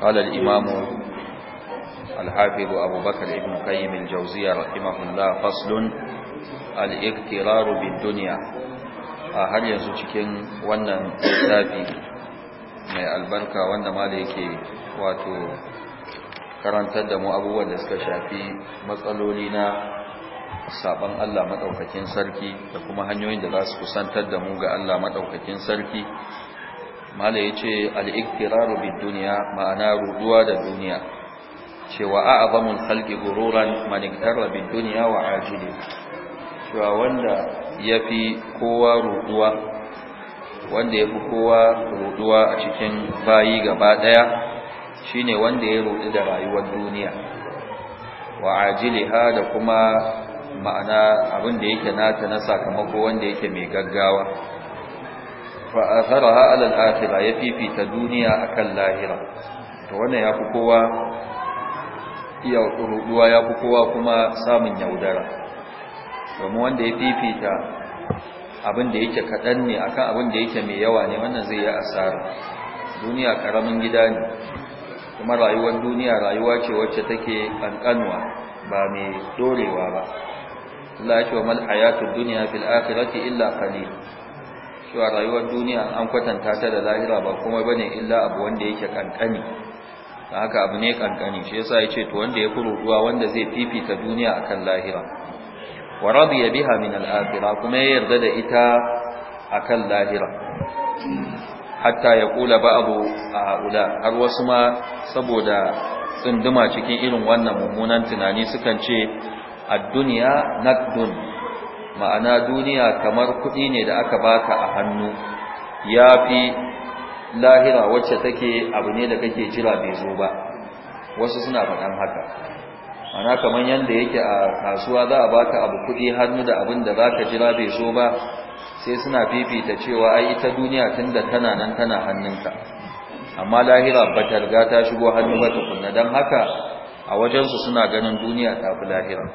قال الإمام الحافظ أبو بكر ابن قيم الجوزية رحمه الله فصل الاقترار A har yanzu cikin wannan zafi mai albarka wanda malai yake wato karantar da mu abubuwan da suka shafi matsaloli na saban Allah maɗaukakin sarki da kuma hanyoyin da za su kusantar da mu ga Allah maɗaukakin sarki mala ya ce al'ikfiraru bi duniya ma'ana ruduwa da duniya cewa a abamun halki gururan maniktarra bi duniya wa ajiyar cewa wanda ya kowa ruduwa wanda ya fi kowa ruduwa a cikin bayi gaba ɗaya shi ne wanda ya rudu da rayuwar duniya wa ha da kuma ma'ana abin da yake nata na sakamako wanda yake mai gaggawa fa atharaha ala ya fifita duniya akan lahira to wannan yafi kowa iya ruduwa yafi kowa kuma samun yaudara domin wanda ya fifita abin da yake kadan ne akan abin da yake mai yawa ne wannan zai yi asara duniya karamin gida ne kuma rayuwar duniya rayuwa ce wacce take kankanwa ba mai dorewa ba Allah ya ce wa mal hayatud dunya fil akhirati illa qalil cewa rayuwar duniya an kwatanta ta da lahira ba kuma bane illa abu wanda yake kankani da haka abu ne kankani shi yasa yace to wanda ya kuruwa wanda zai fifita duniya akan lahira wa radiya biha min al-akhirah kuma ya yarda da ita akan lahira hatta ya kula ba'du ula har wasu ma saboda tsunduma cikin irin wannan mummunan tunani sukan ce ad-dunya nakdun ma'ana duniya kamar kuɗi ne da aka baka a hannu ya fi lahira wacce take abu ne da kake jira bai zo ba wasu suna faɗan haka ana kamar yadda yake a kasuwa za a baka abu kuɗi hannu da abin da za jira bai zo ba sai suna fifita cewa ai ita duniya tun da tana nan tana hannunka amma lahira ba ta riga ta shigo hannu ba tukunna don haka a wajensu suna ganin duniya ta fi lahira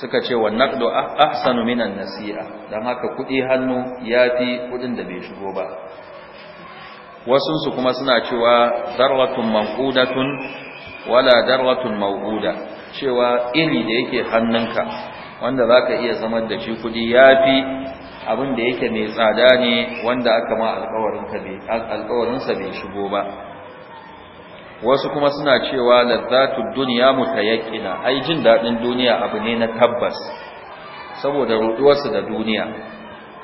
suka ce wa naqdu ahsanu minan nasi'a dan haka kudi hannu yafi kudin da bai shigo ba wasun su kuma suna cewa darwatun manqudatun wala darwatun mawquda cewa iri da yake hannunka wanda zaka iya zamar da shi kudi yafi abin da yake mai tsada ne wanda aka ma alƙawarin ka bai alƙawarin sa bai shigo ba wasu kuma suna cewa ladzatud duniya mutayaqqina ai jin dadin duniya abu ne na tabbas saboda ruduwarsu da duniya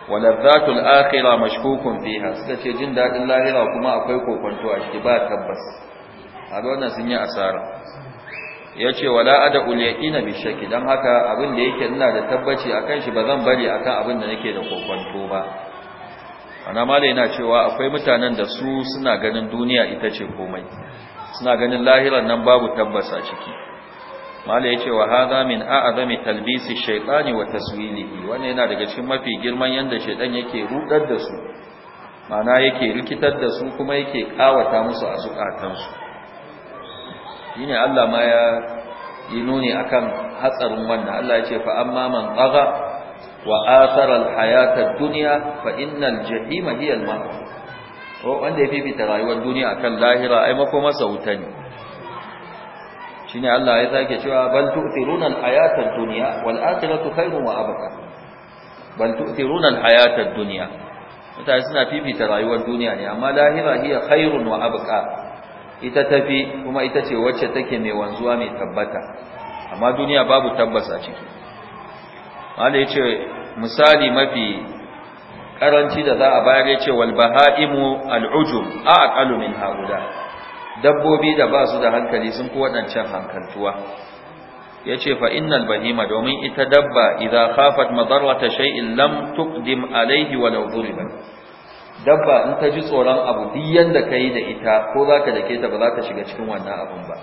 waladzatul akhirah mashkukun fiha suka ce jin dadin lahira kuma akwai kokonto a shi ba tabbas a wannan sun yi asara yace wala ada ul yaqina bi shakki dan haka abin da yake ina da tabbaci akan shi ba zan bari akan abin da nake da kokonto ba ana mala yana cewa akwai mutanen da su suna ganin duniya ita ce komai suna ganin lahiran nan babu tabbas a ciki mala yace wa hadha min a'zami talbisi shaytani wa taswilihi wannan yana daga cikin mafi girman yanda shaytan yake rudar da su mana yake rikitar da su kuma yake kawata musu a zukatan su shine Allah ma ya yi nuni akan hatsarin wannan Allah yace fa amma man tagha wa athara al-hayata ad-dunya fa innal jahima hiya al-ma'wa wanda ya fifita rayuwar duniya akan lahira ai masa wuta ne shine Allah ya sake cewa bal tu'thiruna al-hayata ad-dunya wal akhiratu khairun wa abqa bal tu'thiruna al ad-dunya mutane suna fifita rayuwar duniya ne amma lahira hiya khairun wa abqa ita tafi kuma ita ce wacce take mai wanzuwa mai tabbata amma duniya babu tabbas a ciki Allah ya ce misali mafi karanci da za a bayar ya ce wal baha'imu al'ujum a aqalu min dabbobi da ba su da hankali sun fi waɗancan hankaltuwa ya ce fa innal bahima domin ita dabba idza khafat shai shay'in lam alaihi alayhi walau duriba dabba in ta ji tsoron abu da ka yi da ita ko zaka dake ta ba za ta shiga cikin wannan abun ba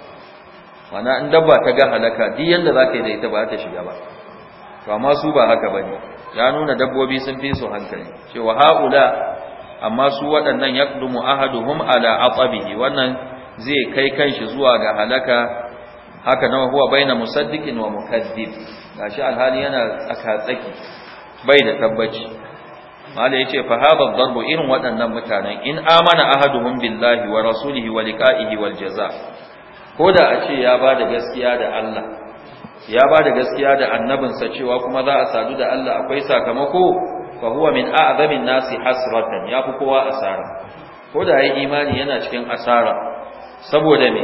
wana in dabba ta ga halaka duk yanda zaka yi da ita ba za ta shiga ba to amma su ba haka bane ya nuna dabbobi sun fi su hankali cewa haula amma su waɗannan yaqdumu ahaduhum ala atabihi wannan zai kai kanshi zuwa ga halaka haka nawa huwa baina musaddiqin wa mukaddib gashi alhali yana tsaka tsaki bai da tabbaci malai yace fa haba darbu irin waɗannan mutanen in amana ahaduhum billahi wa rasulihi wa liqa'ihi wal jaza ko da a ce ya bada gaskiya da Allah ya ba da gaskiya da annabinsa cewa kuma za a sadu da Allah akwai sakamako fa huwa min a'zamin nasi hasratan ya fi kowa asara ko da yayi imani yana cikin asara saboda me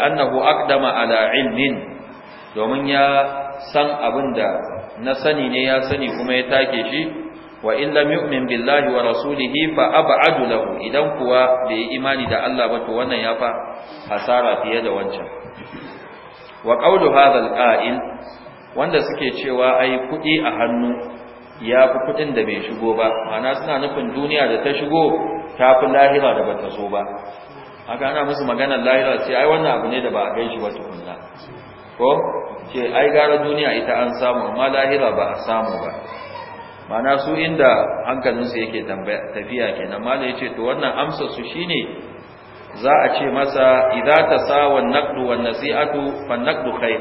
annahu aqdama ala ilmin domin ya san abin da na sani ne ya sani kuma ya take shi wa in lam yu'min billahi wa rasulihi fa ab'adu lahu idan kuwa bai imani da Allah ba to wannan ya fa asara fiye da wancan wa qawlu hadha wanda suke cewa ai kuɗi a hannu ya fi kudin da bai shigo ba ana suna nufin duniya da ta shigo ta fi lahira da ta so ba haka ana musu maganar lahira sai, ai wannan abu ne da ba a gaishi shi ba tukunna ko ce ai gara duniya ita an samu amma lahira ba a samu ba mana su inda hankalinsu yake tafiya kenan ya ce to wannan amsar su shine za a ce masa idza ta sa naqdu wan-nasi'atu fa naqdu khayr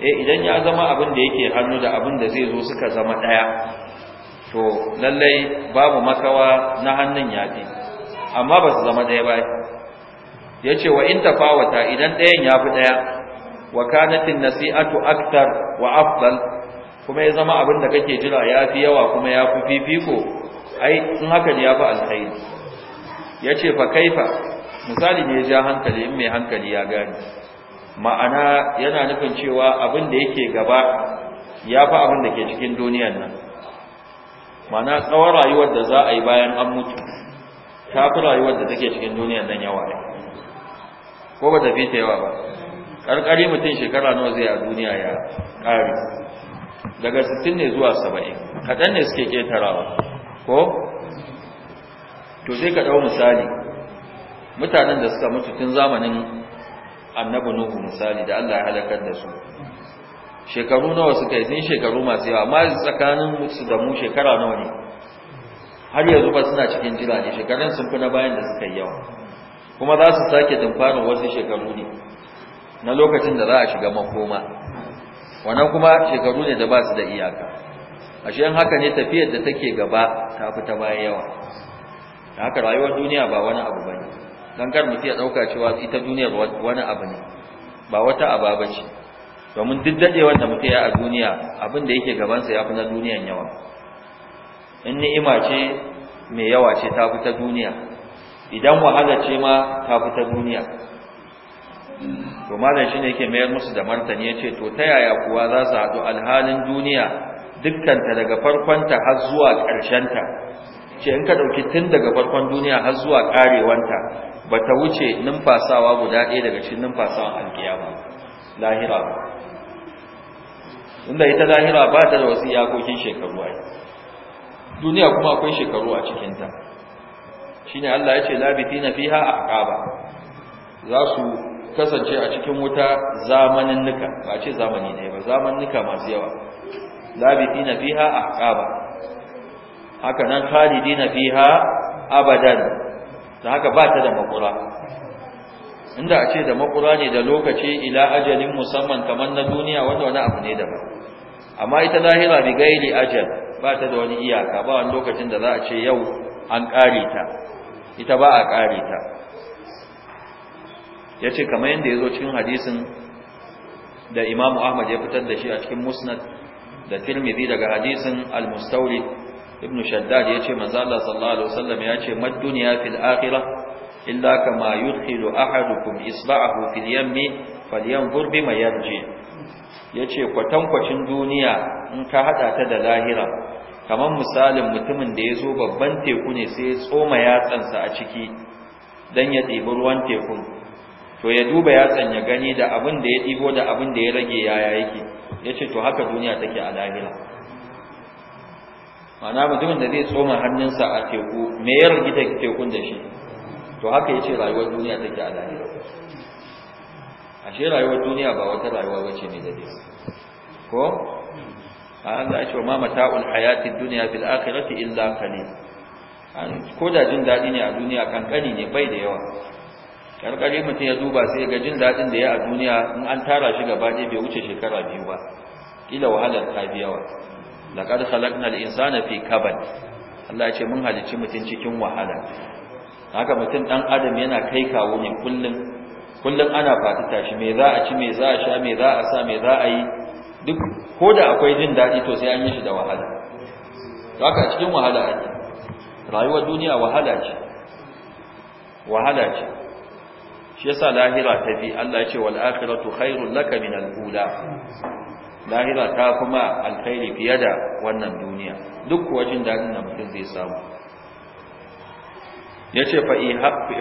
eh idan ya zama abin da yake hannu da abin da zai zo suka zama daya to lallai babu makawa na hannun yafi amma ba su zama daya ba yace wa in tafawata idan dayan yafi daya wa kanatin nasi'atu akthar wa afdal kuma ya zama abin da kake jira yafi yawa kuma yafi fifiko ai in haka ne yafi alkhairi yace fa kaifa misali ne ya ja hankali in mai hankali ya gani ma'ana yana nufin cewa abin da yake gaba ya fi abin da ke cikin duniyan nan ma'ana tsawon rayuwar da za a yi bayan an mutu ta fi rayuwar da take cikin duniyan nan yawa ko ba tafi ta yawa ba ƙarƙari mutum shekara nawa zai a duniya ya ƙari daga 60 ne zuwa 70 kaɗan ne suke ƙetarawa ko to sai ka ɗau misali mutanen da suka mutu tun zamanin annabi nuhu misali da Allah ya halakar da su shekaru nawa suka yi tun shekaru masu yawa amma tsakanin su da mu shekara nawa ne har yanzu ba suna cikin jira ne shekarun sun fi na bayan da suka yi yawa kuma za su sake dumfarin wasu shekaru ne na lokacin da za a shiga makoma wannan kuma shekaru ne da ba su da iyaka ashe haka ne tafiyar da take gaba ta fi ta baya yawa haka rayuwar duniya ba wani abu bane don kar mutum ya ɗauka cewa ita duniyar wani abu ne ba wata aba ba ce domin duk daɗewar da mutum ya a duniya abin da yake gabansa ya fi na duniyan yawa in ni'ima ce mai yawa ce ta fi ta duniya idan wahala ce ma ta fi ta duniya to malam shine yake mayar musu da martani yace to ta yaya kuwa za su haɗu alhalin duniya dukkanta daga farkonta har zuwa ƙarshenta ce in ka ɗauki tun daga farkon duniya har zuwa ƙarewanta ba ta wuce numfasawa guda ɗaya daga cikin numfasawan alkiyama lahira ba inda ita lahira ba ta da wasu iyakokin shekaru yi. duniya kuma akwai shekaru a cikinta ne Allah ya ce na fiha aqaba za su kasance a cikin wuta zamanin nuka ba ce zamani ne ba zamanin nuka masu yawa na fiha aqaba haka nan na fiha abadan da haka ba ta da makura inda a ce da makura ne da lokaci ila ajalin musamman kamar na duniya wanda wani abu ne daban amma ita lahira bi gairi ajal ba ta da wani iyaka ba wani lokacin da za a ce yau an kare ta ita ba a kare ta yace kamar yanda yazo cikin hadisin da Imam Ahmad ya fitar da shi a cikin Musnad da Tirmidhi daga hadisin al mustawli ibn shaddad yace manzo Allah sallallahu alaihi wasallam yace mad dunya fil akhirah illa kama yudkhilu ahadukum isba'ahu fil yammi falyanzur bima yarji yace kwatankwacin duniya in ka hada ta da lahira kamar misalin mutumin da yazo babban teku ne sai ya tsoma yatsansa a ciki dan ya ɗibi ruwan tekun to ya duba yatsan ya gani da abin da ya ɗibo da abin da ya rage yaya yake yace to haka duniya take a lahira ma'ana mutumin da zai tsoma hannunsa a teku me ya rigita tekun da shi to haka ya ce rayuwar duniya take a a ashe rayuwar duniya ba wata rayuwa ba ce da dade ko Allah ya ce ma mata'ul hayati duniya, bil akhirati illa qalil ko da jin daɗi ne a duniya kankani ne bai da yawa Ƙarƙari mutum ya duba sai ga jin daɗin da ya a duniya in an tara shi gaba ɗaya bai wuce shekara biyu ba kila wahalar ta biya yawa laqad al insana fi kabad Allah ya ce mun halicci mutum cikin wahala haka mutum dan adam yana kai kawo ne kullun kullun ana fata tashi me za a ci me za a sha me za a sa me za a yi duk koda akwai jin dadi to sai an yi shi da wahala haka cikin wahala ake rayuwar duniya wahala ce wahala ce shi yasa lahira tafi Allah ya ce wal akhiratu khairul laka min al ula lahira ta kuma alkhairi fiye da wannan duniya duk kuwa jin daɗin da mutum zai samu ya ce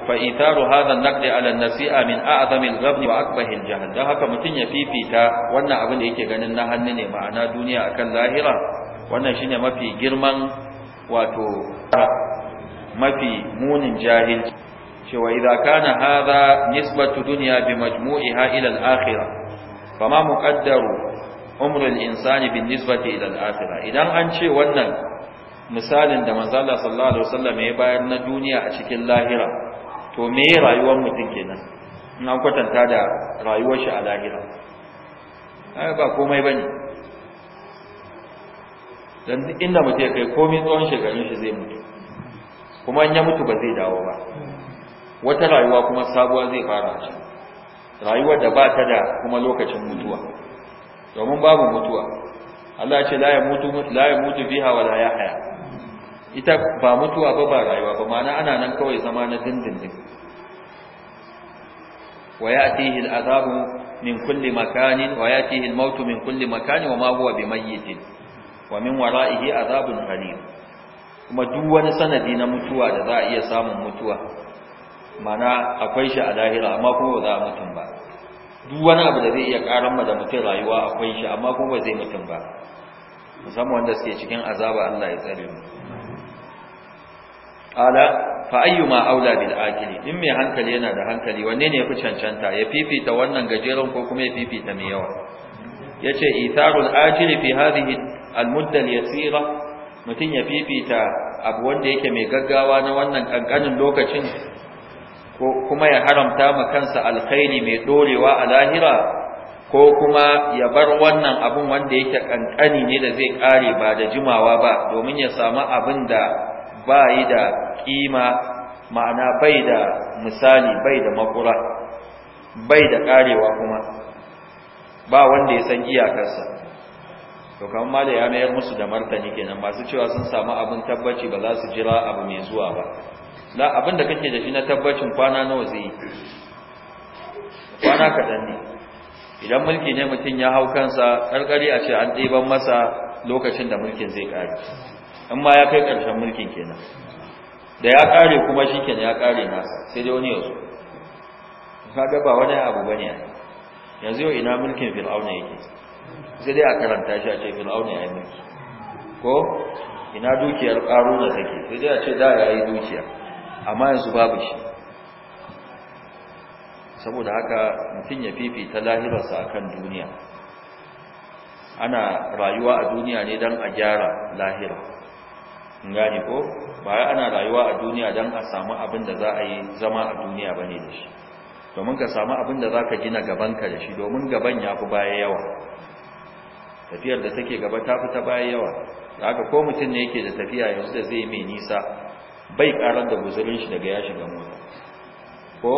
fa'itaru hadan naƙi ala nasi'a min a'azamin rabni wa akbahin jihar don haka mutum ya fifita wannan abin da yake ganin na hannu ne ma'ana duniya akan lahira wannan ne mafi girman wato mafi munin jahilci cewa idza kana hadha nisbatu duniya bi majmu'i hailal akhira. fama muƙaddaru al insani bin nisbati ila al-akhirah idan an ce wannan misalin da manzo Allah sallallahu alaihi wasallam ya bayar na duniya a cikin lahira to me rayuwar mutum kenan in an kwatanta da rayuwar shi a lahira ai ba komai bane dan duk inda mutum ya kai komai tsawon shekarun shi zai mutu kuma in ya mutu ba zai dawo ba wata rayuwa kuma sabuwa zai fara rayuwar da ba ta da kuma lokacin mutuwa domin babu mutuwa Allah ce la yamutu la yamutu biha wa la yahya ita ba mutuwa ba ba rayuwa ba ma'ana ana nan kawai zama na dindindin wa ya'tihi al'adabu min kulli makanin wa ya'tihi al-mautu min kulli makanin wa ma huwa mayyitin wa min wara'ihi azabun ghalib kuma duk wani sanadi na mutuwa da za a iya samun mutuwa mana akwai shi a lahira amma kuma ba za a mutum ba duk wani abu da zai iya karan ma da mutum rayuwa akwai shi amma kuma zai mutum ba musamman wanda suke cikin azaba Allah ya tsare mu ala fa ayyuma aula bil akili in mai hankali yana da hankali wanne ne yafi cancanta ya fifita wannan gajeren ko kuma ya fifita mai yawa yace itharul ajili fi hadhihi al mudda al yasira mutun ya fifita abu wanda yake mai gaggawa na wannan kankanin lokacin ko kuma ya haramta ma kansa alkhairi mai dorewa a lahira ko kuma ya bar wannan abun wanda yake kankani ne da zai kare ba da jimawa ba domin ya samu abin da ba yi da kima ma'ana bai da misali bai da makura bai da karewa kuma ba wanda ya san iyakarsa to kan ma ya mayar musu da martani kenan masu cewa sun samu abin tabbaci ba za su jira abu mai zuwa ba da abin da kake da shi na tabbacin kwana nawa zai yi kwana kaɗan ne idan mulki ne mutum ya hau kansa karkari a ce an ɗiban masa lokacin da mulkin zai ƙare in ma ya kai ƙarshen mulkin kenan da ya ƙare kuma shi kenan ya ƙare nasa sai dai wani ya zo kaga ba wani abu bane yanzu yau ina mulkin fir'auna yake sai dai a karanta shi a ce fir'auna ya yi mulki ko ina dukiyar ƙaro da take sai dai a ce da ya yi dukiya amma yanzu babu shi saboda haka mutum ya fifita lahirarsa a kan duniya ana rayuwa a duniya ne don a gyara lahira gani ko ba ana rayuwa a duniya don a samu abin da za a yi zama a duniya ba ne da shi domin ka samu abin da za ka gina gabanka da shi domin gaban ya fi baya yawa tafiyar da take gaba ta fi ta baya yawa da haka ko mutum ne yake da tafiya yanzu da zai mai nisa bai karar da guzurin shi daga ya shiga mota ko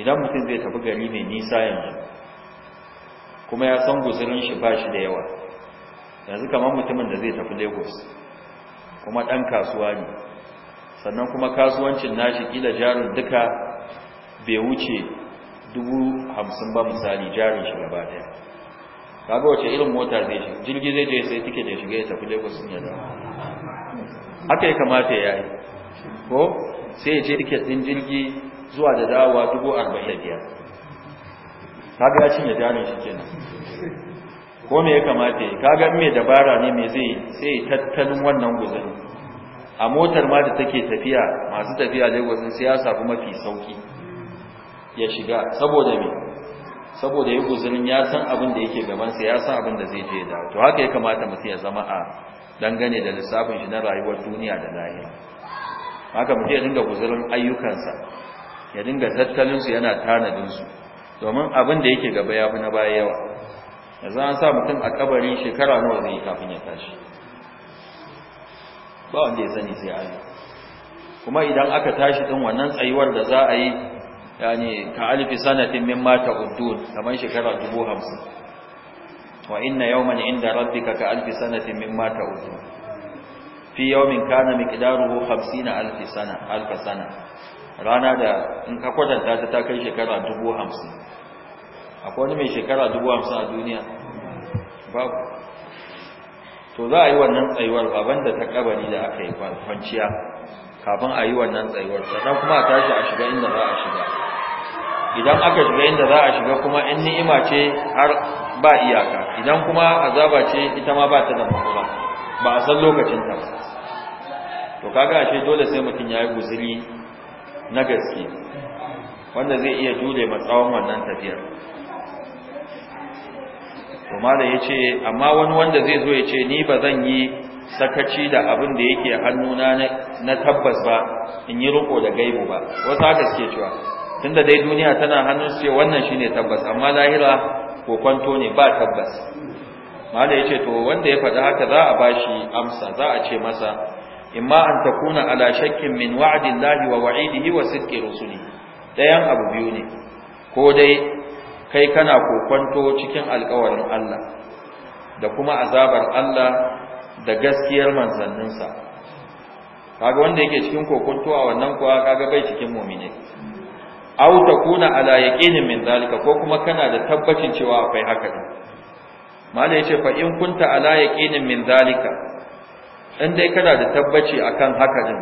idan mutum zai tafi gari mai nisa yanzu kuma ya san guzurin shi ba shi da yawa yanzu kamar mutumin da zai tafi lagos kuma ɗan kasuwa ne sannan kuma kasuwancin nashi kila jarin duka bai wuce dubu hamsin ba misali jarin shi gaba daya kaga wace irin mota zai shi jirgi zai je sai tike da shiga ya tafi lagos sun yada haka ya kamata ya yi ko sai ya ce tiket ɗin jirgi zuwa da dawowa dubu arba'in kaga ya cinye jarin shi kenan ko me ya kamata ya kaga mai dabara ne me zai sai ya tattalin wannan guzuri a motar ma da take tafiya masu tafiya Lagos sai ya safi mafi sauki ya shiga saboda mai saboda ya guzurin ya san abin da yake gaban ya san abin da zai je da to haka ya kamata mutum ya zama a dangane da lissafin shi na rayuwar duniya da lahira haka mutum ya dinga guzurin ayyukansa ya dinga tattalinsu yana tanadinsu domin abin da yake gaba ya fi na baya yawa za a sa mutum a kabari shekara nawa zai yi kafin ya tashi ba wanda ya sani sai ayi kuma idan aka tashi din wannan tsayuwar da za a yi yani ka alifi sanatin mata uddun kamar shekara dubu hamsin wa inna yawman inda rabbika ka alifi sanatin mata uddun. fi yawmin kana miqdaruhu 50000 alf sana alf sana rana da in ka kwatanta ta ta kai shekara 50 akwai wani mai shekara 50 a duniya babu to za a yi wannan tsayuwar baban da ta kabari da aka yi kwanciya kafin a yi wannan tsayuwar sannan kuma a tashi a shiga inda za a shiga idan aka shiga inda za a shiga kuma in ni'ima ce har ba iyaka idan kuma azaba ce ita ma ba ta da mafaka ba a san lokacin ta ba to kaga ashe dole sai mutum ya yi guziri na gaske wanda zai iya jure tsawon wannan tafiyar to mala ya ce amma wani wanda zai zo ya ce ni ba zan yi sakaci da abin da yake hannuna na tabbas ba in yi riko da gaibu ba wasu haka suke cewa tunda dai duniya tana hannun su ce wannan shine tabbas amma lahira ko kwanto ne ba tabbas mala yace to wanda ya faɗa haka za a bashi amsa za a ce masa imma an takuna ala shakkin min wa'dillahi wa wa'idihi wa sidqi rusuli dayan abu biyu ne ko dai kai kana kokonto cikin alƙawarin Allah da kuma azabar Allah da gaskiyar manzanninsa kaga wanda yake cikin kokonto a wannan kuwa kaga bai cikin mu'mini au takuna ala yaqinin min zalika ko kuma kana da tabbacin cewa akwai haka mala yace fa in kunta ala yaqinin min zalika in dai kana da tabbaci akan haka din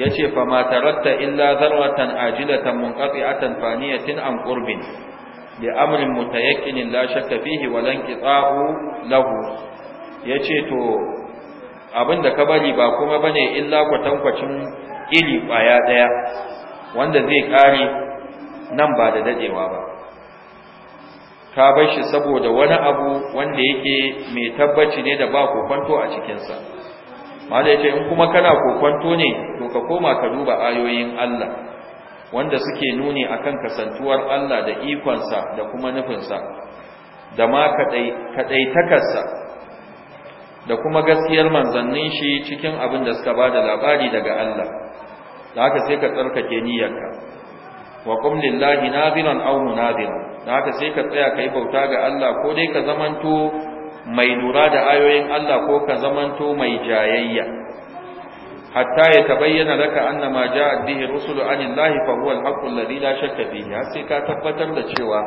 yace fa ma taratta illa zarwatan ajilatan munqati'atan faniyatin an qurbin bi amrin mutayaqqinin la shakka fihi wa lan qita'u lahu yace to abinda ka bari ba kuma bane illa kwatankwacin iri kwaya daya wanda zai kare nan ba da dadewa ba ka bar shi saboda wani abu wanda yake mai tabbaci ne da ba kokonto a cikinsa malai ce in kuma kana kokonto ne to ka koma ka duba ayoyin Allah wanda suke nuni akan kasantuwar Allah da ikonsa da kuma nufinsa da ma kaɗaitakarsa da kuma gaskiyar manzannin shi cikin abin da suka ba da labari daga Allah da haka sai ka tsarkake niyyarka wa qum lillahi nadiran aw munadiran da haka sai ka tsaya kai bauta ga Allah ko dai ka zamanto mai lura da ayoyin Allah ko ka zamanto mai jayayya hatta ya tabayyana laka anna ma ja'a bihi rusulu anillahi fa huwa al-haqqu alladhi la shakka fihi sai ka tabbatar da cewa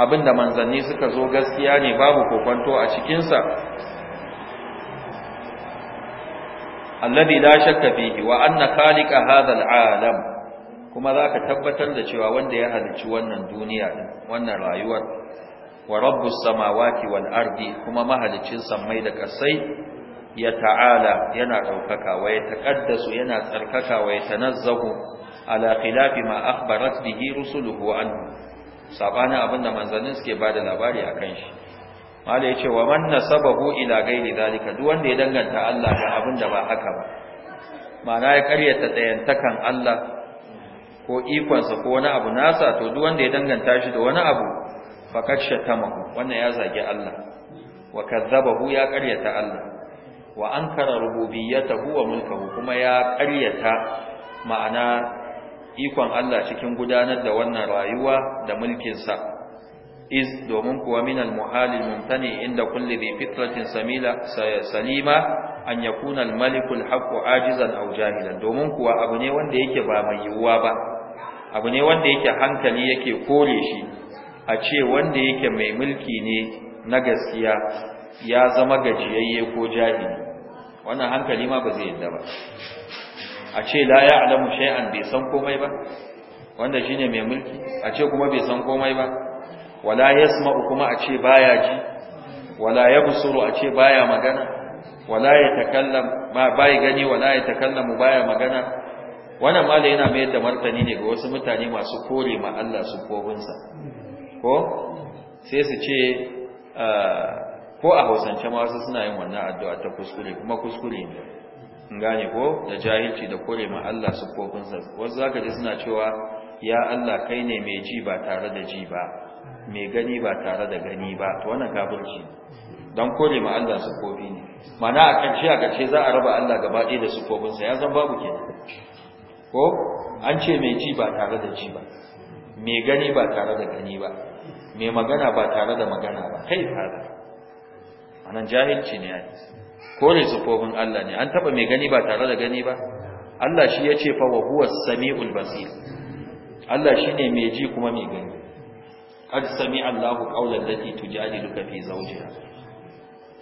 abinda manzanni suka zo gaskiya ne babu kokonto a cikin sa alladhi la shakka fihi wa anna khaliqa hadha al-alam kuma za ka tabbatar da cewa wanda ya halicci wannan duniya wannan rayuwar wa rabbus samawati wal ardi kuma mahalicin sammai da kasai ya ta'ala yana daukaka wa ya taqaddasu yana tsarkaka wa ya tanazzahu ala khilafi ma akhbarat bihi rusuluhu an sabana abinda manzannin suke bada labari akan shi malai yace wa man nasabahu ila ghairi zalika duk wanda ya danganta Allah da abinda ba haka ba ma'ana ya karyata dayantakan Allah ko ikonsa ko wani abu nasa to duk wanda ya danganta shi da wani abu faqad shatamahu wannan ya zagi Allah wa kadzabahu ya qaryata Allah wa ankara rububiyyatahu wa mulkahu kuma ya qaryata ma'ana ikon Allah cikin gudanar da wannan rayuwa da mulkinsa iz domin kuwa minal muhalil mumtani inda kulli bi fitratin samila salima an yakuna al-malikul haqqu ajizan aw jahilan domin kuwa abu ne wanda yake ba mai yiwuwa ba abu ne wanda yake hankali yake kore shi a ce wanda yake mai mulki ne na gaskiya ya zama gajiyayye ko jahili wannan hankali ma ba zai yadda ba a ce la ya alamu shay'an bai san komai ba wanda shine mai mulki a ce kuma bai san komai ba wala yasma'u kuma a ce baya ji wala yabsuru a ce baya magana wala yatakallam ma bai gani wala yatakallamu baya magana wannan malai yana mayar da martani ne ga wasu mutane masu kore ma Allah su kobinsa ko sai su ce ah, ko a hausance ma wasu suna yin wannan addu'a ta kuskure kuma kuskure ne gane ko da jahilci da kore ma Allah su kobinsa wasu zaka ji suna cewa ya Allah kai ne mai ji ba tare da ji ba mai gani ba tare da gani ba to wannan kafirci don kore ma Allah su kofi ne mana a shi a ƙarshe za a raba Allah gaba ɗaya da sa, ya san babu kenan ko an ce mai ji ba tare da ji ba mai gani ba tare da gani ba mai magana ba tare da magana ba kai fada anan jahilci ne ai kore sufofin Allah ne an taba mai gani ba tare da gani ba Allah shi ya ce fa wa huwa samiul basir Allah shine mai ji kuma mai gani qad sami Allahu qawlan lati tujadiluka fi zawjiha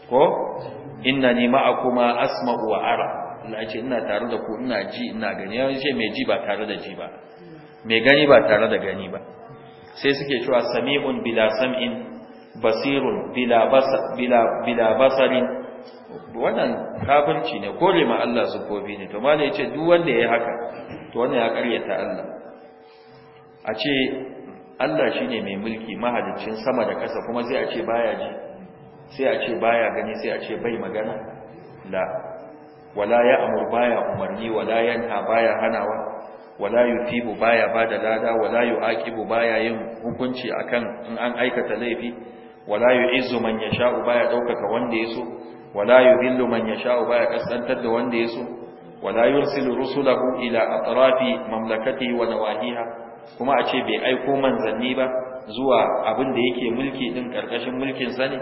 ko innani ma'akuma asma'u wa ara Allah ya ce ina tare da ku ina ji ina gani ya ce mai ji ba tare da ji ba mai gani ba tare da gani ba sai suke cewa sami'un bila sam'in basirun bila basa bila bila basarin wannan kafirci ne kore ma Allah su kofi ne to malai yace duk wanda yayi haka to wannan ya karyata Allah a ce Allah shine mai mulki mahaliccin sama da ƙasa kuma sai a ce baya ji sai a ce baya gani sai a ce bai magana la wala amur baya umarni wala yanha baya hanawa wala yutibu baya bada lada wala yuaqibu baya yin hukunci akan in an aikata laifi wala yu'izzu man yasha'u baya daukaka wanda yaso wala yudhillu man yasha'u baya kasantar da wanda yaso wala yursilu rusulahu ila atrafi mamlakatihi wa nawahiha kuma a ce bai aiko manzanni ba zuwa abin da yake mulki din karkashin mulkin sa ne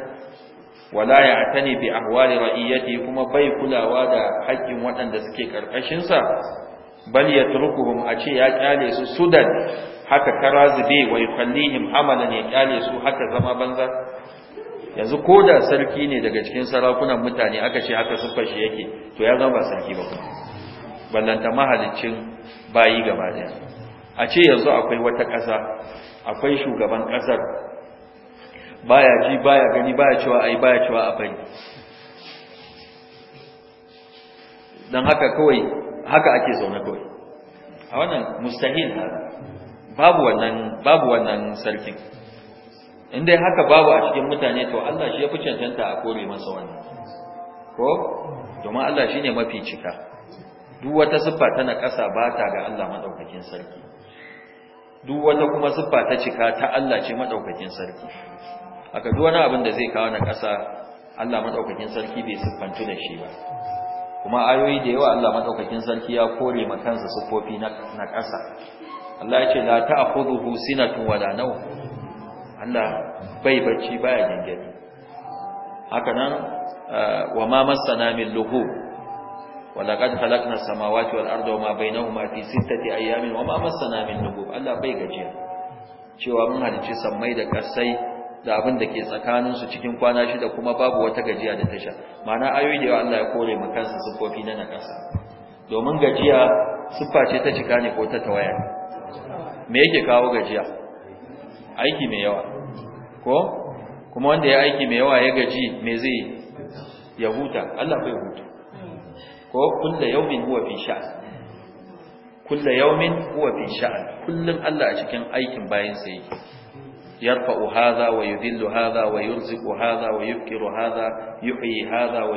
wala ya atani bi ahwali ra'iyati kuma bai kulawa da haƙƙin waɗanda suke karkashin sa bal yatrukuhum a ce ya kyale su sudan haka karazibe wa yukallihim amalan ya kyale su haka zama banza yanzu koda sarki ne daga cikin sarakunan mutane aka ce haka sun shi yake to ya zama sarki ba kuma ballanta mahalicin bayi gaba daya a ce yanzu akwai wata ƙasa akwai shugaban ƙasar baya ji baya gani baya cewa ai baya cewa a bari dan haka kawai haka ake zaune kawai a wannan mustahil haka babu wannan babu wannan sarkin in dai haka babu a cikin mutane to Allah shi ya fi cancanta a kore masa wannan ko domin Allah shine mafi cika duk wata siffa ta ƙasa, ba ta ga Allah madaukakin sarki duk wata kuma siffa ta cika ta Allah ce madaukakin sarki aka duk wani abin da zai kawo na ƙasa Allah madaukakin sarki bai siffantu da shi ba kuma ayoyi da yawa Allah madaukakin sarki ya kore ma kansa siffofi na ƙasa Allah ya ce la ta'khudhuhu sinatun wala nawm Allah bai bacci baya gangani haka nan eh, wa ma massana min lughub wa laqad khalaqna samawati wal arda wa ma bainahuma fi sittati ayamin wa ma massana min luhu. Allah bai gajiya cewa mun halicci sammai da ƙasai da abin da ke tsakaninsu cikin kwana shida kuma babu wata gajiya da tasha ma'ana ayoyi da yawa Allah ya kore ma kansa sufofi na nakasa domin gajiya siffa ce ta cika ne ko ta tawaya me yake kawo gajiya aiki mai yawa ko kuma wanda ya aiki mai yawa ya gaji me zai ya huta Allah bai huta. ko kullu yawmin huwa fi sha'an kullu yawmin huwa fi sha'an kullun Allah a cikin aikin sa yake yarfa'u hadha wa yudillu hadha wa yurziqu hadha wa yubkiru hadha yuhyi hadha wa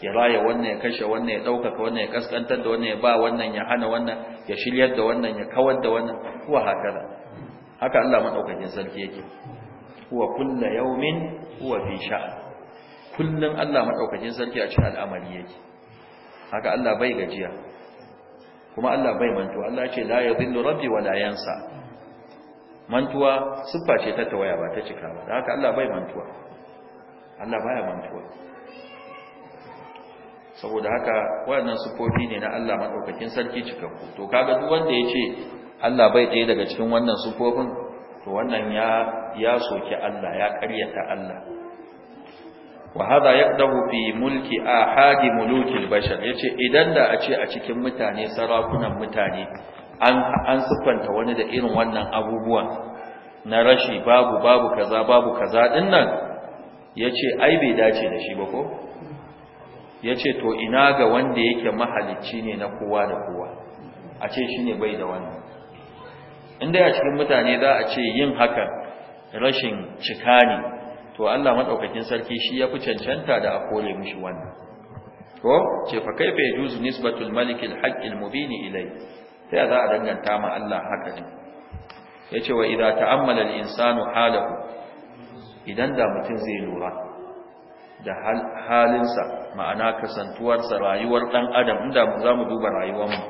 ya raya wannan ya kashe wannan ya daukaka wannan ya kaskantar da wannan ya ba wannan ya hana wannan ya shiryar da wannan ya kawar da wannan huwa hakala haka Allah madaukakin sarki yake huwa kullu yawmin huwa fi sha'n kullun Allah madaukakin sarki a cikin al'amari yake haka Allah bai gajiya kuma Allah bai manto Allah ce la yadhillu rabbi wa la yansa mantuwa siffa ce ta tawaya ba ta cika ba da haka Allah bai mantuwa Allah baya mantuwa saboda haka waɗannan sufofi ne na Allah madaukakin sarki cikakku to kaga duk wanda yace Allah bai ɗaya daga cikin wannan sufofin? to wannan ya ya soki Allah ya ƙaryata Allah wa hada yaqdahu fi mulki ahadi muluki bashar yace idan da a ce a cikin mutane sarakunan mutane an siffanta wani da irin wannan abubuwan na rashi babu babu kaza babu kaza din nan yace ai bai dace da shi ba ko yace to ina ga wanda yake mahalicci ne na kowa da kowa a ce shi ne bai da wannan inda a cikin mutane za a ce yin haka rashin cika ne to Allah madaukakin sarki shi ya fi cancanta da a kore wannan ko ce fa kai bai juzu nisbatul malikil haqqil mubini ilayhi sai za a danganta ma Allah haka ne yace wa idza ta'ammala al-insanu halahu idan da mutum zai lura da halinsa ma'ana kasantuwarsa rayuwar dan adam inda za mu duba rayuwar mu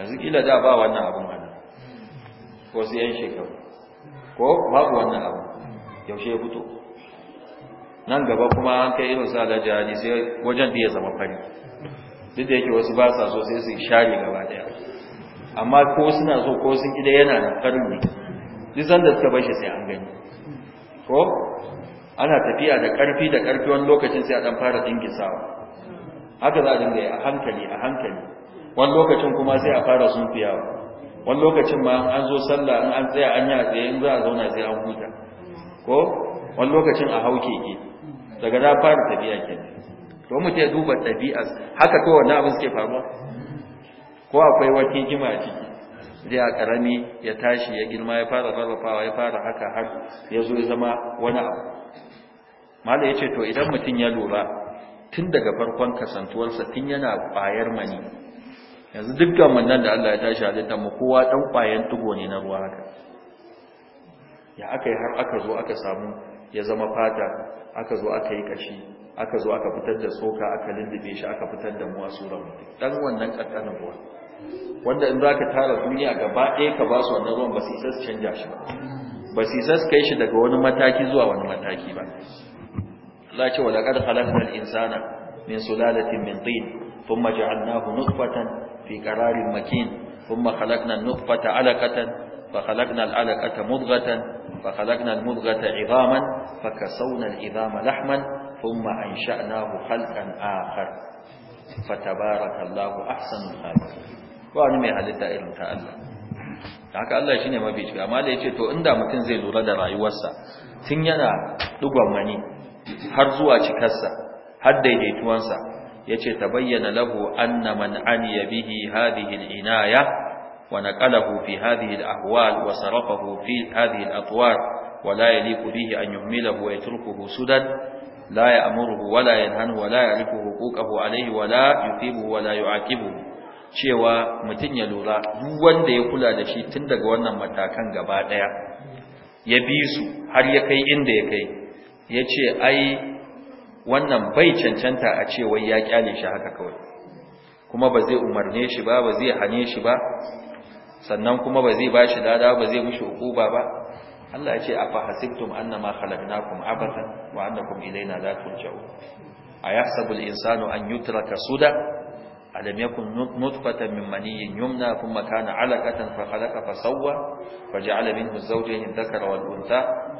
yanzu kila da ba wannan abun ana ko sai yan shekaru ko babu wannan abu yaushe ya fito nan gaba kuma an kai irin sa da jihadi sai wajen da ya zama fari duk da yake wasu ba sa so sai su share gaba daya amma ko suna so ko sun kida yana da karni duk sanda suka bar shi sai an gani ko ana tafiya da karfi da karfi wani lokacin sai a dan fara dingisawa haka za a dinga yi a hankali a hankali wani lokacin kuma sai a fara sunfiyawa wani lokacin ma an zo sallah in an tsaya an yi a tsaye in za a zauna sai an huta ko wani lokacin a hau keke daga na fara tafiya ke to mu ta duba ɗabi'ar haka kowane abin suke faruwa ko akwai wata hikima a ciki zai a karami ya tashi ya girma ya fara rarrafawa ya fara haka har ya zo zama wani abu mala ya ce to idan mutum ya lura tun daga farkon kasantuwarsa tun yana ƙwayar mani yanzu dukkan wannan da Allah ya tashi halittar mu kowa ɗan ƙwayan tugo ne na ruwa haka ya aka yi har aka zo aka samu ya zama fata aka zo aka yi ƙashi aka zo aka fitar da tsoka aka lindube shi aka fitar da mu a sura mutum ɗan wannan ƙanƙanin ruwa wanda in za ka tara duniya gaba ɗaya ka ba su wannan ruwan ba su isa su canja shi ba ba su isa su kai shi daga wani mataki zuwa wani mataki ba Allah ce wala qad khalaqna al-insana min sulalatin min tin thumma ja'alnahu nutfatan fi qararin makin thumma khalaqna an-nutfata 'alaqatan fa khalaqna al-'alaqata mudghatan fa khalaqna al-mudghata 'idhaman fa kasawna al-'idhama lahman thumma ansha'nahu khalqan akhar فتبارك الله أحسن الخالقين ba wani mai halitta irin ta Allah haka Allah shine mabici amma da yace to inda mutum zai lura da rayuwarsa tun yana dugon mani har zuwa cikarsa har daidaituwansa yace tabayyana lahu anna man aniya bihi hadhihi al-inaya wa naqalahu fi hadhihi al-ahwal wa sarafahu fi hadhihi al-atwar wa la yaliqu bihi an yuhmilahu wa yatrukuhu sudan la ya'muruhu wa la yanhahu wa la ya'rifu huquqahu alayhi wa la cewa mutum ya lura duk wanda ya kula da shi tun daga wannan matakan gaba ɗaya ya bi su har ya kai inda ya kai ya ce ai wannan bai cancanta a ce wai ya kyale shi haka kawai kuma ba zai umarne shi ba ba zai hane shi ba sannan kuma ba zai bashi dada ba zai mushi hukuba ba Allah ya ce a hasibtum annama khalaqnakum abatan wa annakum ilayna la turja'un ayahsabu al-insanu an yutraka suda ألم يكن نطفة من مني يمنى ثم كان علقة فخلق فسوى فجعل منه الزوجين الذكر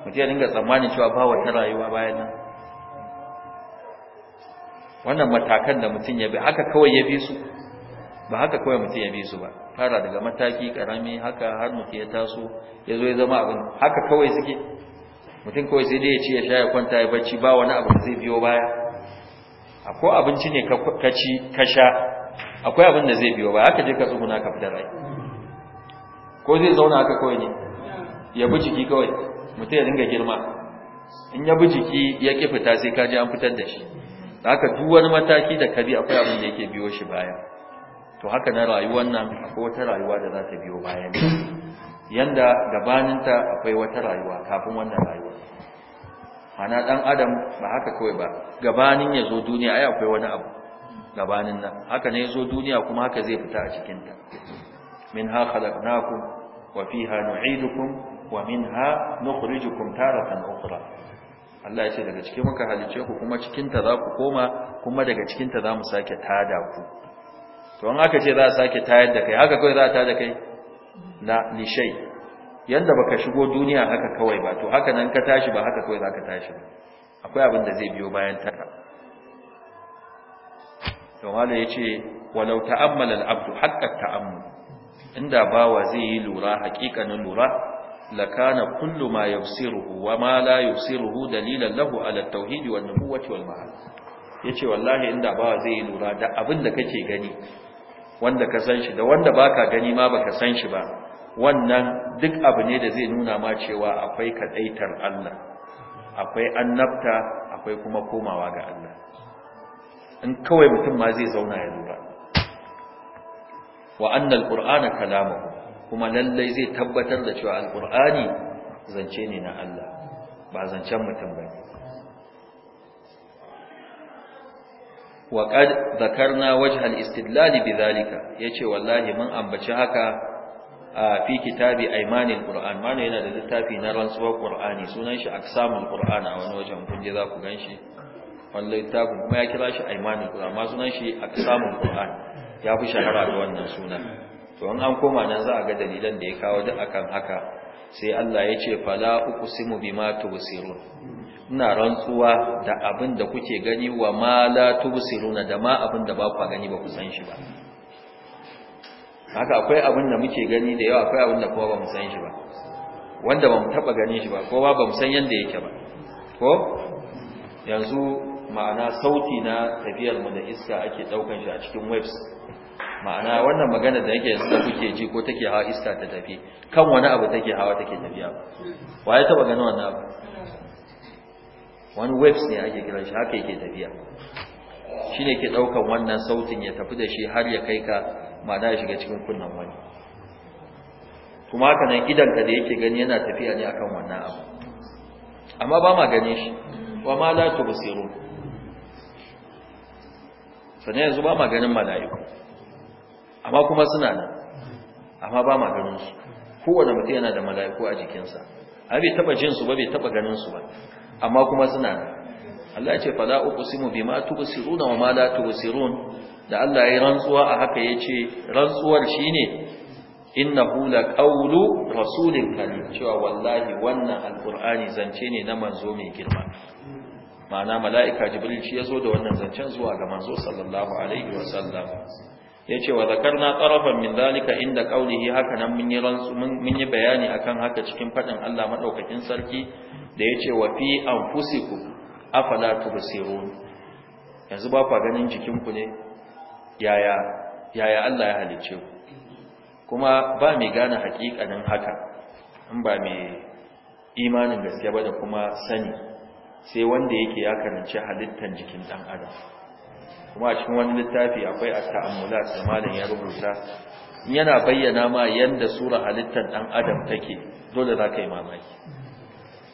Mutum ya dinga tsammanin cewa ba wata rayuwa bayan nan wannan matakan da mutun ya bi haka kawai ya bi su ba haka kawai mutun ya bi su ba fara daga mataki karami haka har mutun ya taso ya zo ya zama abin haka kawai suke mutun kawai sai dai ya ci ya sha ya kwanta ya bacci ba wani abu zai biyo baya akwai abinci ne ka ci ka sha akwai abin da zai biyo ba haka je ka tsuguna ka fitar rai ko zai zauna haka kawai ne ya bi jiki kawai mutum ya dinga girma in ya bi jiki ya ki fita sai ka ji an fitar da shi haka duk wani mataki da kabi akwai abin da yake biyo shi baya to haka na rayuwar nan akwai wata rayuwa da za ta biyo bayan yanda gabaninta akwai wata rayuwa kafin wannan rayuwa ana dan adam ba haka kawai ba gabanin ya zo duniya ai akwai wani abu gabanin nan haka ne yazo duniya kuma haka zai fita a cikin ta minha khalaqnakum wa fiha nu'idukum wa minha nukhrijukum taratan ukhra Allah ya ce daga cikin muka halice ku kuma cikin ta za ku koma kuma daga cikin ta za mu sake tada ku to an aka ce za a sake tayar da kai haka kawai za a tada kai na nishai. yanda baka shigo duniya haka kawai ba to haka nan ka tashi ba haka kawai za ka tashi ba akwai abin da zai biyo bayan taka to yace walau ta'ammala abdu haqqa ta'ammul inda bawa zai yi lura haƙiƙanin lura lakana kullu ma yafsiruhu wa ma la yafsiruhu dalilan lahu ala at-tauhid wan nubuwwati wal mahal yace wallahi inda bawa zai yi lura da abin da kake gani wanda ka san shi da wanda baka gani ma baka san shi ba wannan duk abu ne da zai nuna ma cewa akwai kadaitar Allah akwai annabta akwai kuma komawa ga Allah in kawai mutum ma zai zauna ya lura wa annal qur'ana kalamuhu kuma lallai zai tabbatar da cewa alqur'ani zance ne na Allah ba zancen mutum bane wa qad dhakarna wajha al-istidlal bidhalika yace wallahi mun ambaci haka a fi kitabi aymanil qur'an mana yana da littafi na rantsuwar qur'ani sunan shi aqsamul qur'an a wani wajen kun je za ku ganshi wani tafi kuma ya kira shi imanin qur'an amma sunan shi aksamul qur'an ya fi shahara da wannan sunan to in an koma nan za a ga dalilan da ya kawo duk akan haka sai Allah ya ce fala uqsimu bima tubsirun ina rantsuwa da abin da kuke gani wa ma la tubsiruna da ma abin da ba ku gani ba ku san shi ba haka akwai abin da muke gani da yawa akwai abin da kuma ba mu san shi ba wanda ba mu taba gani shi ba kowa ba mu san yanda yake ba ko yanzu ma'ana sauti na tafiyar mu da iska ake daukan shi a cikin waves ma'ana wannan magana da yake yanzu da kuke ji ko take hawa iska ta tafi kan wani abu take hawa take tafiya wa ya taba gano wannan abu wani waves ne ake kiran shi haka yake tafiya shine ke daukan wannan sautin ya tafi da shi har ya kai ka ma'ana ya shiga cikin kunnan wani kuma haka nan ka da yake gani yana tafiya ne akan wannan abu amma ba ma gane shi wa ma la tubsirun sannan yanzu ba ma ganin mala'iku amma kuma suna nan amma ba ma ganin su kowane mutum yana da mala'iku a jikinsa a bai taba jinsu ba bai taba ganinsu ba amma kuma suna nan Allah ya ce ma uqsimu bima na wa ma la siru da Allah ya yi rantsuwa a haka ya ce rantsuwar shine innahu ƙaulu rasulin cewa wallahi wannan alqur'ani zance ne na manzo mai girma ma'ana mala'ika jibril shi zo da wannan zancen zuwa ga manzo sallallahu alaihi wasallam yace wa zakarna tarafan min dalika inda qawlihi haka nan mun yi mun yi bayani akan haka cikin faɗin Allah maɗaukakin sarki da yace wa fi anfusikum afala tubsirun yanzu ba ku ganin jikinku ne yaya yaya Allah ya halice ku kuma ba mai gane hakikanin haka in ba mai imanin gaske ba da kuma sani sai wanda yake ya karanci halittar jikin dan adam kuma a cikin wani littafi akwai a taammulat da malam ya rubuta in yana bayyana ma yadda sura halittar dan adam take dole za ka yi mamaki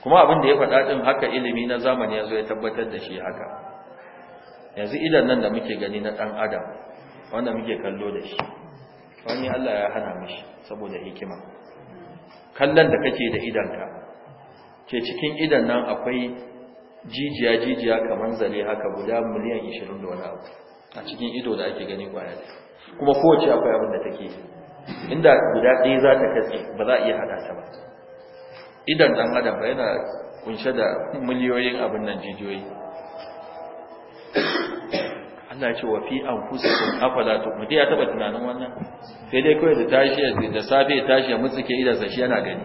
kuma abin da ya faɗa din haka ilimi na zamani ya zo ya tabbatar da shi haka yanzu idan nan da muke gani na ɗan adam wanda muke kallo da shi wani Allah ya hana mishi saboda hikima kallon da kake da idanka ke cikin idan nan akwai jijiya jijiya kamar zane haka guda miliyan 20 da wani abu a cikin ido da ake gani kwaya kuma kowace akwai abin da take inda guda ɗaya za ta katse ba za a iya haɗa ta ba idan ɗan adam ba yana kunshe da miliyoyin abin nan jijiyoyi Allah ce wa fi anfusikum afala tu'minun ya taba tunanin wannan sai dai kawai da tashi da safe tashi ya mutsuke idan sa shi yana gani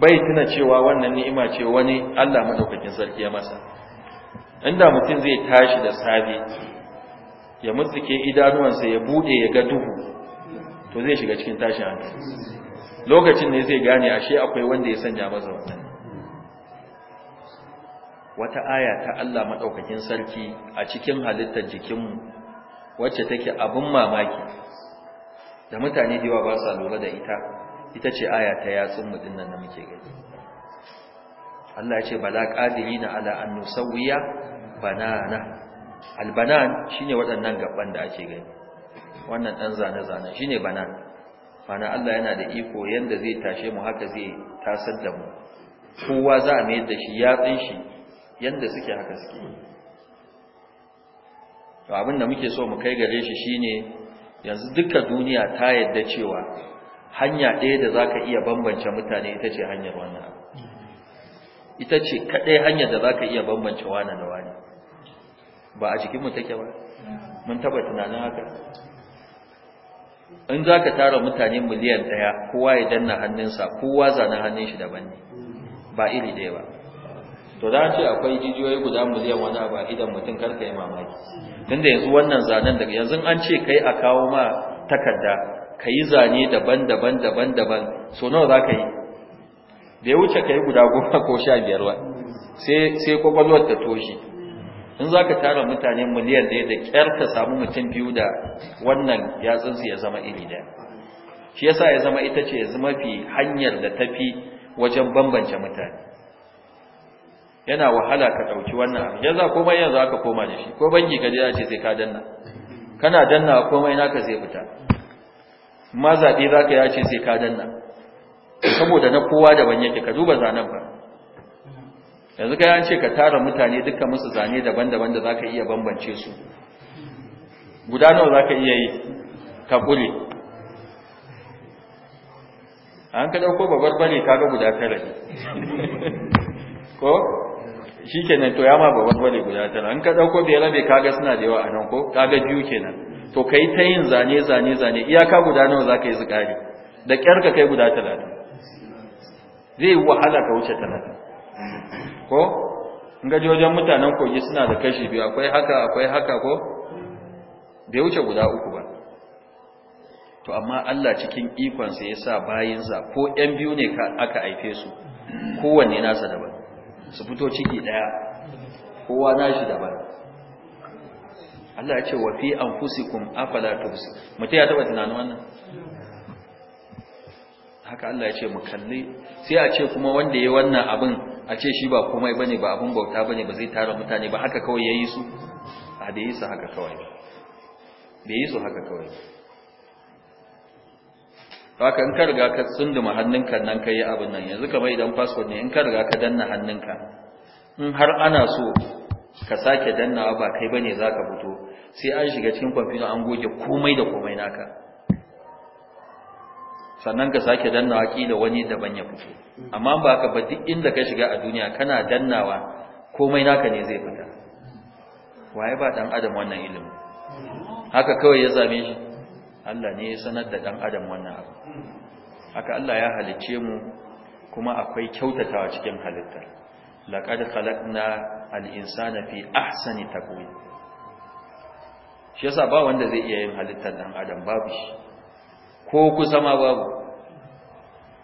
bai tuna cewa wannan ni'ima ce wani Allah madaukakin sarki ya masa inda mutum zai tashi da safe ya mutsuke idanuwansa ya bude ya ga duhu to zai shiga cikin tashin hankali lokacin ne zai gane ashe akwai wanda ya sanya masa wannan wata aya ta Allah madaukakin sarki a cikin halittar mu wacce take abin mamaki da mutane da yawa ba su lura da ita ita ce aya ta yatsun mu dinnan da muke gani Allah ya ce bala qadirina ala an nusawwiya banana albanan shine waɗannan gaban da ake gani wannan dan zane zane shine banan mana Allah yana da iko yanda zai tashe mu haka zai tasar da mu kowa za a mayar da shi yatsun shi yanda suke haka suke to abin da muke so mu kai gare shi shine yanzu duka duniya ta yadda cewa hanya ɗaya da za ka iya bambance mutane ita ce hanyar wannan abu ita ce kaɗai hanyar da za ka iya bambance wani da wani ba a jikinmu take ba mun taba tunanin haka in za ka tara mutane miliyan ɗaya kowa ya danna hannunsa kowa na hannun shi daban ne ba iri ɗaya ba to da ce akwai jijiyoyi guda miliyan wani ba idan mutum karka yi mamaki tunda yanzu wannan zanen daga yanzu an ce kai a kawo ma takarda ka yi zane daban-daban daban-daban so nawa za ka yi da ya wuce ka yi guda goma ko sha biyar ba sai kwakwalwar ta toshi in za ka tara mutane miliyan daya da ƙyar ka samu mutum biyu da wannan yatsunsu ya zama iri ɗaya shi ya sa ya zama ita ce zama mafi hanyar da tafi wajen bambance mutane yana wahala ka ɗauki wannan yanzu komai yanzu aka koma da shi ko banki ka je ce sai ka danna kana danna komai naka zai fita ma zaɓe za ka yace sai ka danna saboda na kowa daban yake ka duba zanen ba yanzu ka yance ka tara mutane duka musu zane daban-daban da za ka iya bambance su guda nawa za ka iya yi ka ƙule an ka ɗauko babbar bane ga guda tara ne ko shi kenan to ya ma babbar bane guda tara an ka ɗauko biyar ka kaga suna da yawa a nan ko kaga biyu kenan to ka ta yin zane zane zane iyaka guda nawa za ka yi zikari da kyar ka kai guda talatin zai yi wahala ka wuce talatin ko in gaji wajen mutanen kogi suna da kashi biyu akwai haka akwai haka ko bai wuce guda uku ba to amma Allah cikin ikonsa ya sa za ko ‘yan biyu ne aka haife su kowanne nasa daban su fito ciki ɗaya kowa nashi daban Allah ya ce wa fi anfusikum afala tubsir mutai ya taba tunanin wannan haka Allah ya ce mu kalli sai a ce kuma wanda yayi wannan abin a ce shi ba komai bane ba abin bauta bane ba zai tara mutane ba haka kawai yayi su a da yi su haka kawai bai yi su haka kawai haka in ka riga ka tsunduma hannunka nan ka yi abin nan yanzu kamar idan passport ne in ka riga ka danna hannunka in har ana so ka sake dannawa ba kai bane za ka fito sai an shiga cikin kwamfuta an goge komai da komai naka sannan ka sake dannawa kila wani da ban ya fito amma ba ka ba duk inda ka shiga a duniya kana dannawa komai naka ne zai fita waye ba dan adam wannan ilimi haka kawai ya same shi Allah ne ya sanar da dan adam wannan abu haka Allah ya halicce mu kuma akwai kyautatawa cikin halitta laqad khalaqna al-insana fi ahsani taqwim shi yasa ba wanda zai iya yin halittar dan adam babu shi ko kusa ma babu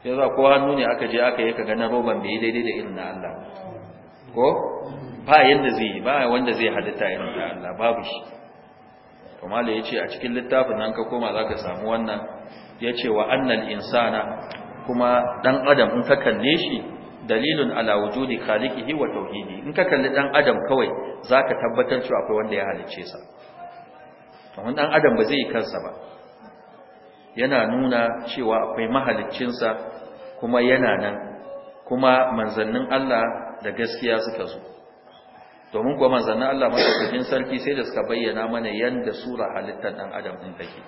yasa ko hannu ne aka je aka yi kaga na roban bai daidai da irin na Allah ko ba yanda zai yi ba wanda zai halitta irin da Allah babu shi to malai yace a cikin littafin nan ka koma zaka samu wannan yace wa annal insana kuma dan adam in ka kalle shi dalilun ala wujudi khaliqihi wa tauhidi in ka kalli dan adam kawai zaka tabbatar cewa akwai wanda ya halice sa kamar dan adam ba zai yi kansa ba yana nuna cewa akwai mahaliccinsa kuma yana nan kuma manzannin Allah da gaskiya suka zo domin kuwa manzannin Allah madaukakin sarki sai da suka bayyana mana yadda sura halittar ɗan adam din take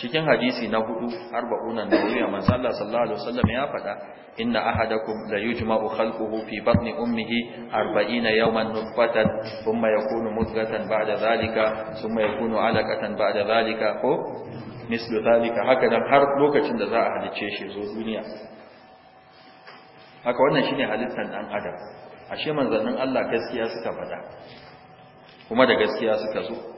cikin hadisi na hudu arba'unan arba'una nawawiya manzo Allah sallallahu alaihi wasallam ya faɗa inna ahadakum la yujma'u khalquhu fi batni ummihi 40 yawman nutfatan thumma yakunu mudghatan ba'da zalika thumma yakunu 'alaqatan ba'da zalika ko mislu zalika haka nan har lokacin da za a halice shi zo duniya haka wannan shine halittar dan adam ashe manzannin Allah gaskiya suka faɗa kuma da gaskiya suka zo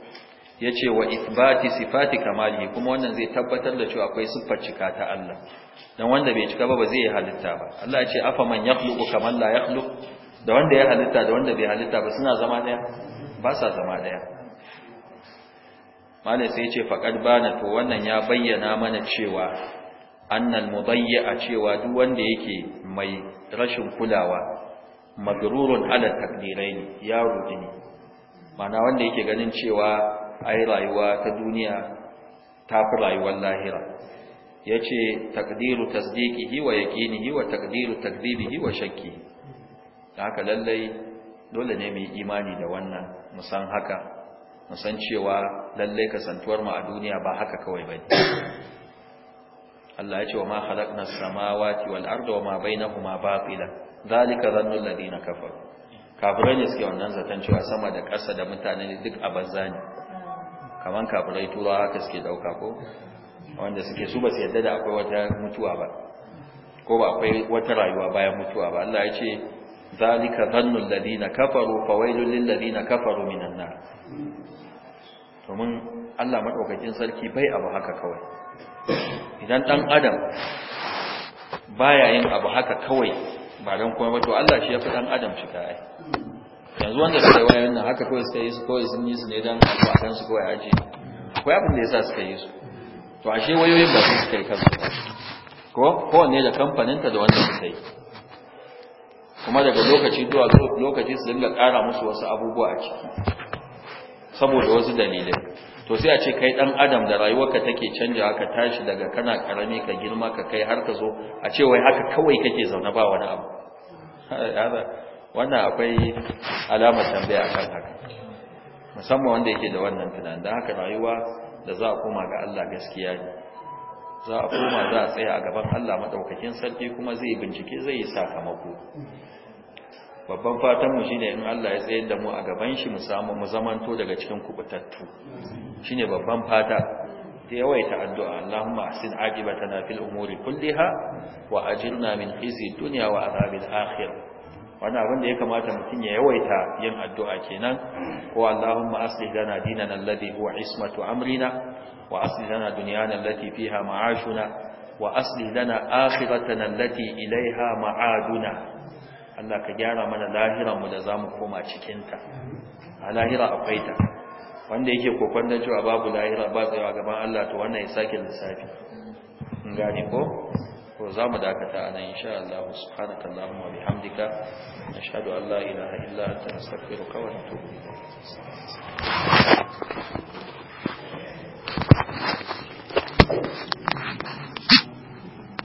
Ya ce wa isbati sifati Kamali kuma wannan zai tabbatar da cewa akwai siffar cika ta Allah dan wanda bai cika ba ba zai halitta ba Allah ya ce afa man yakhluqu kaman la yakhluq da wanda ya halitta da wanda bai halitta ba suna zama daya ba sa zama daya malai sai ya ce faqad bana to wannan ya bayyana mana cewa annal mudayya cewa duk wanda yake mai rashin kulawa magrurun ala takdiraini ya rudi mana wanda yake ganin cewa ai rayuwa ta duniya ta fi rayuwar lahira Ya ce, takdiru tasdiki, hiwa wa kini wa takdiru takdiri wa shakki haka lallai dole ne mu imani da wannan mu haka mu cewa lallai kasantuwar mu a duniya ba haka kawai bai Allah ya ce wa ma halakna samawati wal arda wa ma bainahuma batila zalika zannu alladhina kafaru kafirai ne suke wannan zaton cewa sama da ƙasa da mutane duk a banza ne kaman kafirai turawa haka suke dauka ko wanda suke su ba su yadda da akwai wata mutuwa ba ko ba akwai wata rayuwa bayan mutuwa ba Allah ya ce zalika zannul ladina kafaru fawailul lil ladina kafaru minan nar domin Allah madaukakin sarki bai abu haka kawai idan dan adam baya yin abu haka kawai ba dan kuma to Allah shi ya fi dan adam shiga ai yanzu wanda suka yi wayan nan haka kawai suka yi su kawai sun yi su ne don wasan su kawai aji akwai abin da ya sa suka yi su to ashe wayoyin ba su suka yi kansu ba ko ne da kamfaninta da wanda suka yi kuma daga lokaci zuwa lokaci su dinga ƙara musu wasu abubuwa a ciki saboda wasu dalilai to sai a ce kai dan adam da rayuwarka take canja haka tashi daga kana karami ka girma ka kai har ka zo a ce wai haka kawai kake zaune ba wani abu wannan akwai alamar tambaya akan haka musamman wanda yake da wannan tunan. da haka rayuwa da za a koma ga Allah gaskiya ne za a koma za a tsaya a gaban Allah madaukakin sarki kuma zai bincike zai yi sakamako babban fatanmu shine in Allah ya tsayar da mu a gaban shi mu mu zamanto daga cikin kubutattu shine babban fata ta yawaita addu'a Allahumma ahsin aqibatana fil umuri kulliha wa ajirna min izi dunya wa adhabil akhirah wani abin da ya kamata mutum ya yawaita yin addu'a kenan ko ma’asli aslih dina dinana alladhi wa ismatu amrina wa duniya lana lati fi ha ma'ashuna wa aslih lana lati ilai ha ma'aduna Allah ka gyara mana lahiranmu mu da mu koma cikinta, a lahira akwai ta wanda yake kokon da cewa babu lahira ba tsayawa gaban Allah to wannan ya sake lissafi ko to za mu dakata a nan insha Allah subhanaka Allahumma bihamdika nashhadu an la ilaha illa anta nastaghfiruka wa natubu ilayk